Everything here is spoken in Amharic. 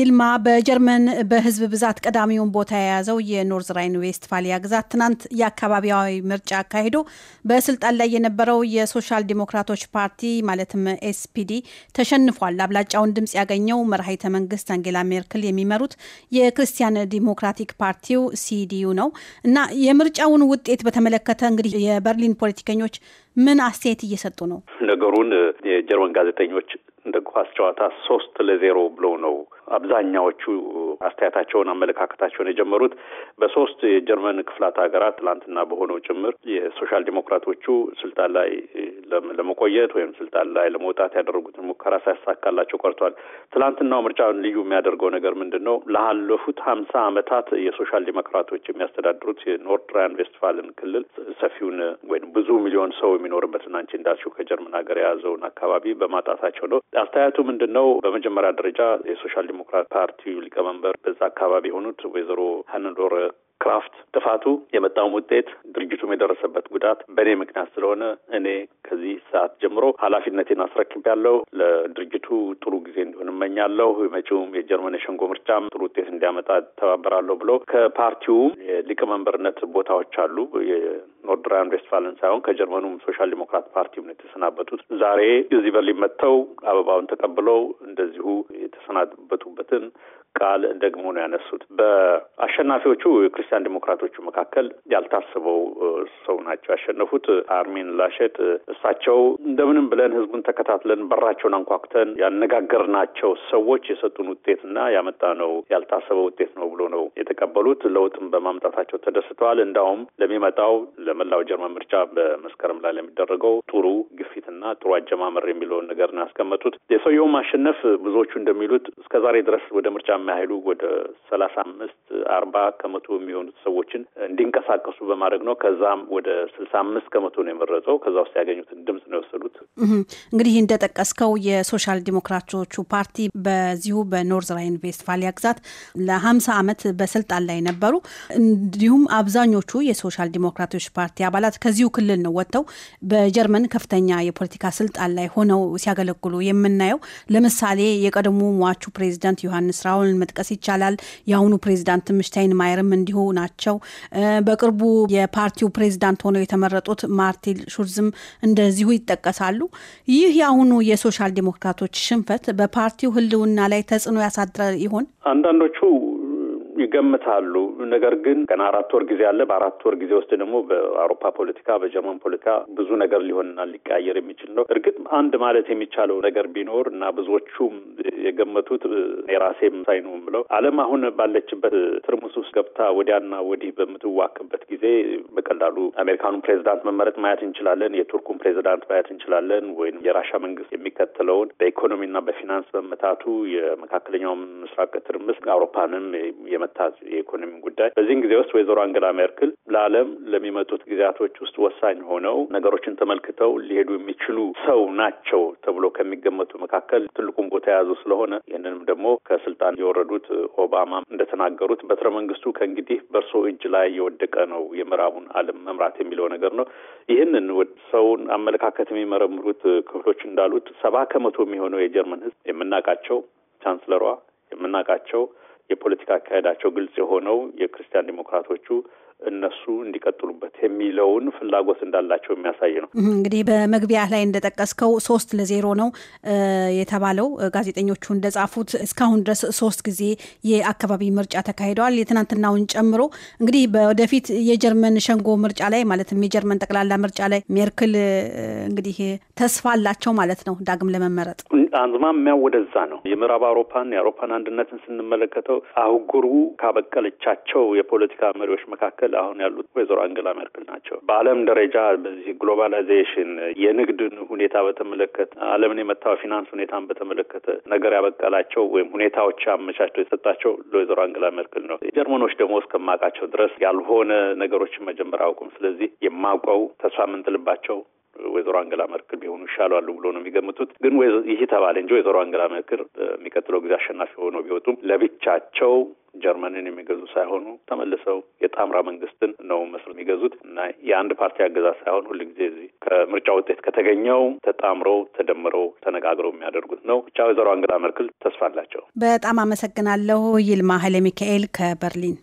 ይልማ በጀርመን በህዝብ ብዛት ቀዳሚውን ቦታ የያዘው የኖርዝ ራይን ዌስትፋሊያ ግዛት ትናንት የአካባቢያዊ ምርጫ አካሂዶ በስልጣን ላይ የነበረው የሶሻል ዲሞክራቶች ፓርቲ ማለትም ኤስፒዲ ተሸንፏል። አብላጫውን ድምፅ ያገኘው መርሃይተ መንግስት አንጌላ ሜርክል የሚመሩት የክርስቲያን ዲሞክራቲክ ፓርቲው ሲዲዩ ነው እና የምርጫውን ውጤት በተመለከተ እንግዲህ የበርሊን ፖለቲከኞች ምን አስተያየት እየሰጡ ነው? ነገሩን የጀርመን ጋዜጠኞች እንደ ኳስ ጨዋታ ሶስት ለዜሮ ብሎ ነው አብዛኛዎቹ አስተያየታቸውን አመለካከታቸውን የጀመሩት። በሶስት የጀርመን ክፍላት ሀገራት ትላንትና በሆነው ጭምር የሶሻል ዲሞክራቶቹ ስልጣን ላይ ለመቆየት ወይም ስልጣን ላይ ለመውጣት ያደረጉትን ሙከራ ሳያሳካላቸው ቀርቷል። ትናንትናው ምርጫውን ልዩ የሚያደርገው ነገር ምንድን ነው? ላለፉት ሀምሳ ዓመታት የሶሻል ዲሞክራቶች የሚያስተዳድሩት የኖርድ ቬስትፋልን ክልል ሰፊውን ወይም ብዙ ሚሊዮን ሰው የሚኖርበትን አንቺ እንዳልሽው ከጀርመን ሀገር የያዘውን አካባቢ በማጣታቸው ነው። አስተያየቱ ምንድን ነው? በመጀመሪያ ደረጃ የሶሻል ዲሞክራት ፓርቲው ሊቀመንበር በዛ አካባቢ የሆኑት ወይዘሮ ሀነዶር ክራፍት ጥፋቱ የመጣውም ውጤት ድርጅቱም የደረሰበት ጉዳት በእኔ ምክንያት ስለሆነ እኔ ከዚህ ሰዓት ጀምሮ ኃላፊነቴን ያለው ለድርጅቱ ጥሩ ጊዜ እንዲሆን እመኛለሁ። መጪውም የጀርመን የሸንጎ ምርጫም ጥሩ ውጤት እንዲያመጣ ተባበራለሁ ብሎ ከፓርቲውም የሊቀመንበርነት ቦታዎች አሉ። ኖርድ ራይን ሳይሆን ከጀርመኑም ሶሻል ዲሞክራት ፓርቲም ነው የተሰናበቱት። ዛሬ እዚህ በርሊን መጥተው አበባውን ተቀብለው እንደዚሁ የተሰናበቱበትን ቃል ደግሞ ነው ያነሱት። በአሸናፊዎቹ የክርስቲያን ዲሞክራቶቹ መካከል ያልታሰበው ሰው ናቸው ያሸነፉት። አርሚን ላሸት እሳቸው እንደምንም ብለን ህዝቡን ተከታትለን በራቸውን አንኳኩተን ያነጋገርናቸው ሰዎች የሰጡን ውጤትና ያመጣ ነው ያልታሰበ ውጤት ነው ብሎ ነው የተቀበሉት። ለውጥም በማምጣታቸው ተደስተዋል። እንዳውም ለሚመጣው ለመላው ጀርመን ምርጫ በመስከረም ላይ ለሚደረገው ጥሩ ግፊትና ጥሩ አጀማመር የሚለውን ነገር ነው ያስቀመጡት። የሰውየው ማሸነፍ ብዙዎቹ እንደሚሉት እስከዛሬ ድረስ ወደ ምርጫ የሚያህሉ ወደ ሰላሳ አምስት አርባ ከመቶ የሚሆኑት ሰዎችን እንዲንቀሳቀሱ በማድረግ ነው። ከዛም ወደ ስልሳ አምስት ከመቶ ነው የመረጠው። ከዛ ውስጥ ያገኙትን ድምጽ ነው የወሰዱት። እንግዲህ እንደጠቀስከው የሶሻል ዲሞክራቶቹ ፓርቲ በዚሁ በኖርዝ ራይን ቬስትፋሊያ ግዛት ለሀምሳ ዓመት በስልጣን ላይ ነበሩ። እንዲሁም አብዛኞቹ የሶሻል ዲሞክራቶች ፓርቲ አባላት ከዚሁ ክልል ነው ወጥተው በጀርመን ከፍተኛ የፖለቲካ ስልጣን ላይ ሆነው ሲያገለግሉ የምናየው። ለምሳሌ የቀድሞ ሟቹ ፕሬዚዳንት ዮሐንስ ራውል መሆኑን መጥቀስ ይቻላል። የአሁኑ ፕሬዚዳንትም ማየርም እንዲሁ ናቸው። በቅርቡ የፓርቲው ፕሬዚዳንት ሆነው የተመረጡት ማርቲን ሹርዝም እንደዚሁ ይጠቀሳሉ። ይህ የአሁኑ የሶሻል ዲሞክራቶች ሽንፈት በፓርቲው ህልውና ላይ ተጽዕኖ ያሳድረ ይሆን? አንዳንዶቹ ይገምታሉ። ነገር ግን ገና አራት ወር ጊዜ አለ። በአራት ወር ጊዜ ውስጥ ደግሞ በአውሮፓ ፖለቲካ፣ በጀርመን ፖለቲካ ብዙ ነገር ሊሆንና ሊቀያየር የሚችል ነው። እርግጥ አንድ ማለት የሚቻለው ነገር ቢኖር እና ብዙዎቹም የገመቱት የራሴም ሳይ ነው ብለው ዓለም አሁን ባለችበት ትርምስ ውስጥ ገብታ ወዲያና ወዲህ በምትዋክበት ጊዜ በቀላሉ አሜሪካኑን ፕሬዚዳንት መመረጥ ማየት እንችላለን። የቱርኩን ፕሬዚዳንት ማየት እንችላለን። ወይም የራሻ መንግስት የሚከተለውን በኢኮኖሚና በፊናንስ በመታቱ የመካከለኛው ምስራቅ ትርምስ አውሮፓንም የመታት የኢኮኖሚ ጉዳይ በዚህን ጊዜ ውስጥ ወይዘሮ አንገላ ሜርክል ለዓለም ለሚመጡት ጊዜያቶች ውስጥ ወሳኝ ሆነው ነገሮችን ተመልክተው ሊሄዱ የሚችሉ ሰው ናቸው ተብሎ ከሚገመቱ መካከል ትልቁን ቦታ የያዙ ስለሆነ ይህንንም ደግሞ ከስልጣን የወረዱት ኦባማ እንደተናገሩት በትረ መንግስቱ ከእንግዲህ በእርሶ እጅ ላይ የወደቀ ነው የምዕራቡን ዓለም መምራት የሚለው ነገር ነው። ይህንን ሰውን አመለካከት የሚመረምሩት ክፍሎች እንዳሉት ሰባ ከመቶ የሚሆነው የጀርመን ህዝብ የምናውቃቸው ቻንስለሯ የምናውቃቸው የፖለቲካ አካሄዳቸው ግልጽ የሆነው የክርስቲያን ዲሞክራቶቹ እነሱ እንዲቀጥሉበት የሚለውን ፍላጎት እንዳላቸው የሚያሳይ ነው። እንግዲህ በመግቢያ ላይ እንደጠቀስከው ሶስት ለዜሮ ነው የተባለው። ጋዜጠኞቹ እንደጻፉት እስካሁን ድረስ ሶስት ጊዜ የአካባቢ ምርጫ ተካሂደዋል፣ የትናንትናውን ጨምሮ። እንግዲህ ወደፊት የጀርመን ሸንጎ ምርጫ ላይ ማለትም የጀርመን ጠቅላላ ምርጫ ላይ ሜርክል እንግዲህ ተስፋ አላቸው ማለት ነው ዳግም ለመመረጥ። አዝማሚያው ወደዛ ነው። የምዕራብ አውሮፓን የአውሮፓን አንድነትን ስንመለከተው አህጉሩ ካበቀለቻቸው የፖለቲካ መሪዎች መካከል አሁን ያሉት ወይዘሮ አንገላ ሜርክል ናቸው። በዓለም ደረጃ በዚህ ግሎባላይዜሽን የንግድን ሁኔታ በተመለከተ ዓለምን የመታው ፊናንስ ሁኔታን በተመለከተ ነገር ያበቀላቸው ወይም ሁኔታዎች አመቻችቶ የሰጣቸው ለወይዘሮ አንገላ ሜርክል ነው። ጀርመኖች ደግሞ እስከማውቃቸው ድረስ ያልሆነ ነገሮችን መጀመር አያውቁም። ስለዚህ የማውቀው ተስፋ የምንጥልባቸው ወይዘሮ አንገላ መርክል ቢሆኑ ይሻላሉ ብሎ ነው የሚገምቱት። ግን ይህ ተባለ እንጂ ወይዘሮ አንገላ መርክል የሚቀጥለው ጊዜ አሸናፊ ሆነው ቢወጡም ለብቻቸው ጀርመንን የሚገዙ ሳይሆኑ ተመልሰው የጣምራ መንግስትን ነው መስል የሚገዙት እና የአንድ ፓርቲ አገዛዝ ሳይሆን ሁልጊዜ እዚህ ከምርጫ ውጤት ከተገኘው ተጣምረው ተደምረው ተነጋግረው የሚያደርጉት ነው። ብቻ ወይዘሮ አንገላ መርክል ተስፋ አላቸው። በጣም አመሰግናለሁ። ይልማ ሀይለ ሚካኤል ከበርሊን